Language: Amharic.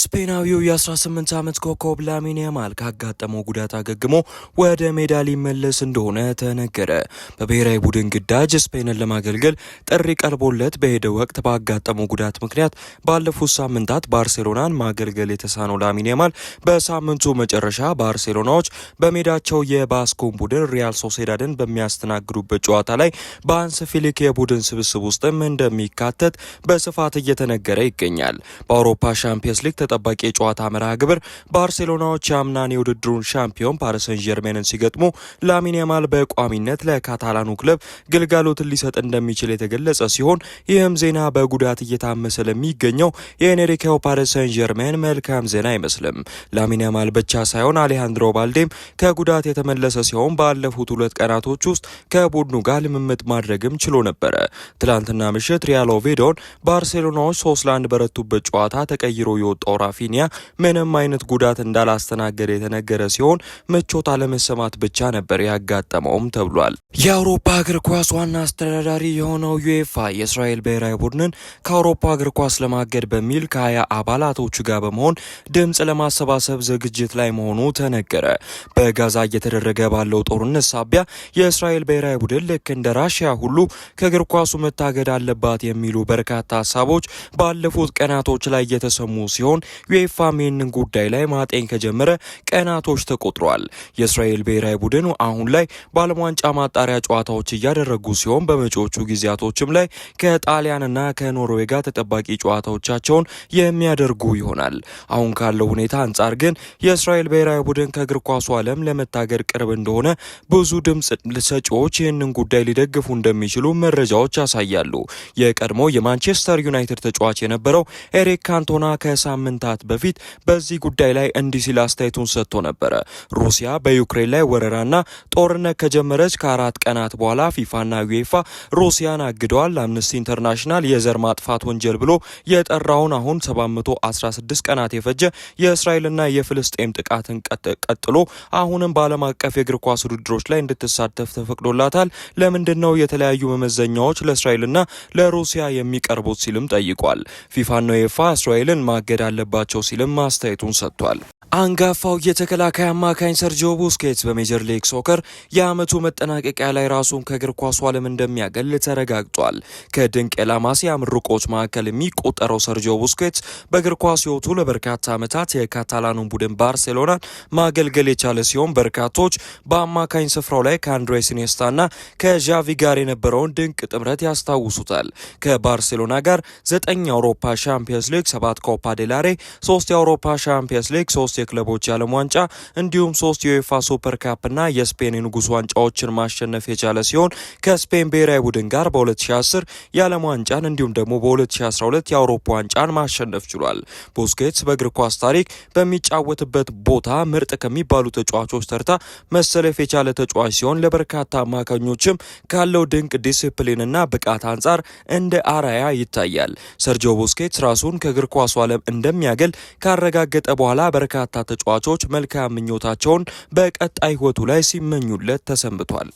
ስፔናዊው የ18 ዓመት ኮከብ ላሚን ያማል ካጋጠመው ጉዳት አገግሞ ወደ ሜዳ ሊመለስ እንደሆነ ተነገረ። በብሔራዊ ቡድን ግዳጅ ስፔንን ለማገልገል ጥሪ ቀርቦለት በሄደ ወቅት ባጋጠመው ጉዳት ምክንያት ባለፉት ሳምንታት ባርሴሎናን ማገልገል የተሳነው ላሚን ያማል በሳምንቱ መጨረሻ ባርሴሎናዎች በሜዳቸው የባስኮን ቡድን ሪያል ሶሴዳድን በሚያስተናግዱበት ጨዋታ ላይ በአንስ ፊሊክ የቡድን ስብስብ ውስጥም እንደሚካተት በስፋት እየተነገረ ይገኛል። በአውሮፓ ሻምፒየንስ ሊግ ተጠባቂ የጨዋታ መርሃ ግብር ባርሴሎናዎች የአምናን የውድድሩን ሻምፒዮን ፓሪሰን ጀርሜንን ሲገጥሙ ላሚን ያማል በቋሚነት ለካታላኑ ክለብ ግልጋሎትን ሊሰጥ እንደሚችል የተገለጸ ሲሆን ይህም ዜና በጉዳት እየታመሰ ለሚገኘው የኤኔሪኬው ፓሪሰን ጀርሜን መልካም ዜና አይመስልም። ላሚን ያማል ብቻ ሳይሆን አሌሃንድሮ ባልዴም ከጉዳት የተመለሰ ሲሆን ባለፉት ሁለት ቀናቶች ውስጥ ከቡድኑ ጋር ልምምድ ማድረግም ችሎ ነበረ። ትላንትና ምሽት ሪያል ኦቬዶን ባርሴሎናዎች ሶስት ለአንድ በረቱበት ጨዋታ ተቀይሮ የወጣው የሚያወጣው ራፊኒያ ምንም አይነት ጉዳት እንዳላስተናገደ የተነገረ ሲሆን ምቾት አለመሰማት ብቻ ነበር ያጋጠመውም ተብሏል። የአውሮፓ እግር ኳስ ዋና አስተዳዳሪ የሆነው ዩኤፋ የእስራኤል ብሔራዊ ቡድንን ከአውሮፓ እግር ኳስ ለማገድ በሚል ከሀያ አባላቶቹ ጋር በመሆን ድምፅ ለማሰባሰብ ዝግጅት ላይ መሆኑ ተነገረ። በጋዛ እየተደረገ ባለው ጦርነት ሳቢያ የእስራኤል ብሔራዊ ቡድን ልክ እንደ ራሽያ ሁሉ ከእግር ኳሱ መታገድ አለባት የሚሉ በርካታ ሀሳቦች ባለፉት ቀናቶች ላይ እየተሰሙ ሲሆን ዩኤፋም ይህንን ጉዳይ ላይ ማጤን ከጀመረ ቀናቶች ተቆጥሯል። የእስራኤል ብሔራዊ ቡድን አሁን ላይ በዓለም ዋንጫ ማጣሪያ ጨዋታዎች እያደረጉ ሲሆን በመጪዎቹ ጊዜያቶችም ላይ ከጣሊያንና ከኖርዌይ ጋር ተጠባቂ ጨዋታዎቻቸውን የሚያደርጉ ይሆናል። አሁን ካለው ሁኔታ አንጻር ግን የእስራኤል ብሔራዊ ቡድን ከእግር ኳሱ ዓለም ለመታገድ ቅርብ እንደሆነ ብዙ ድምፅ ሰጪዎች ይህንን ጉዳይ ሊደግፉ እንደሚችሉ መረጃዎች ያሳያሉ። የቀድሞ የማንቸስተር ዩናይትድ ተጫዋች የነበረው ኤሪክ ካንቶና ከሳምንት ከሳምንታት በፊት በዚህ ጉዳይ ላይ እንዲህ ሲል አስተያየቱን ሰጥቶ ነበረ። ሩሲያ በዩክሬን ላይ ወረራና ጦርነት ከጀመረች ከአራት ቀናት በኋላ ፊፋና ዩኤፋ ሩሲያን አግደዋል። አምነስቲ ኢንተርናሽናል የዘር ማጥፋት ወንጀል ብሎ የጠራውን አሁን 716 ቀናት የፈጀ የእስራኤልና የፍልስጤም ጥቃትን ቀጥሎ አሁንም በዓለም አቀፍ የእግር ኳስ ውድድሮች ላይ እንድትሳተፍ ተፈቅዶላታል። ለምንድን ነው የተለያዩ መመዘኛዎች ለእስራኤልና ለሩሲያ የሚቀርቡት? ሲልም ጠይቋል። ፊፋና ዩኤፋ እስራኤልን ማገዳል አለባቸው ሲልም አስተያየቱን ሰጥቷል። አንጋፋው የተከላካይ አማካኝ ሰርጂዮ ቡስኬትስ በሜጀር ሊግ ሶከር የአመቱ መጠናቀቂያ ላይ ራሱን ከእግር ኳሱ ዓለም እንደሚያገል ተረጋግጧል። ከድንቅ የላማሲያ ምርቆች መካከል የሚቆጠረው ሰርጂዮ ቡስኬትስ በእግር ኳስ ሕይወቱ ለበርካታ ዓመታት የካታላኑን ቡድን ባርሴሎናን ማገልገል የቻለ ሲሆን በርካቶች በአማካኝ ስፍራው ላይ ከአንድሬ ሲኔስታና ከዣቪ ጋር የነበረውን ድንቅ ጥምረት ያስታውሱታል። ከባርሴሎና ጋር ዘጠኝ የአውሮፓ ሻምፒየንስ ሊግ፣ ሰባት ኮፓ ዴላሬ፣ ሶስት የአውሮፓ ሻምፒየንስ ሊግ፣ ሶስት ሶስት የክለቦች የዓለም ዋንጫ እንዲሁም ሶስት የዩኤፋ ሱፐር ካፕና የስፔን የንጉስ ዋንጫዎችን ማሸነፍ የቻለ ሲሆን ከስፔን ብሔራዊ ቡድን ጋር በ2010 የዓለም ዋንጫን እንዲሁም ደግሞ በ2012 የአውሮፓ ዋንጫን ማሸነፍ ችሏል። ቡስኬትስ በእግር ኳስ ታሪክ በሚጫወትበት ቦታ ምርጥ ከሚባሉ ተጫዋቾች ተርታ መሰለፍ የቻለ ተጫዋች ሲሆን ለበርካታ አማካኞችም ካለው ድንቅ ዲሲፕሊንና ብቃት አንጻር እንደ አራያ ይታያል። ሰርጂዮ ቡስኬትስ ራሱን ከእግር ኳሱ ዓለም እንደሚያገል ካረጋገጠ በኋላ በርካታ በርካታ ተጫዋቾች መልካም ምኞታቸውን በቀጣይ ህይወቱ ላይ ሲመኙለት ተሰንብቷል።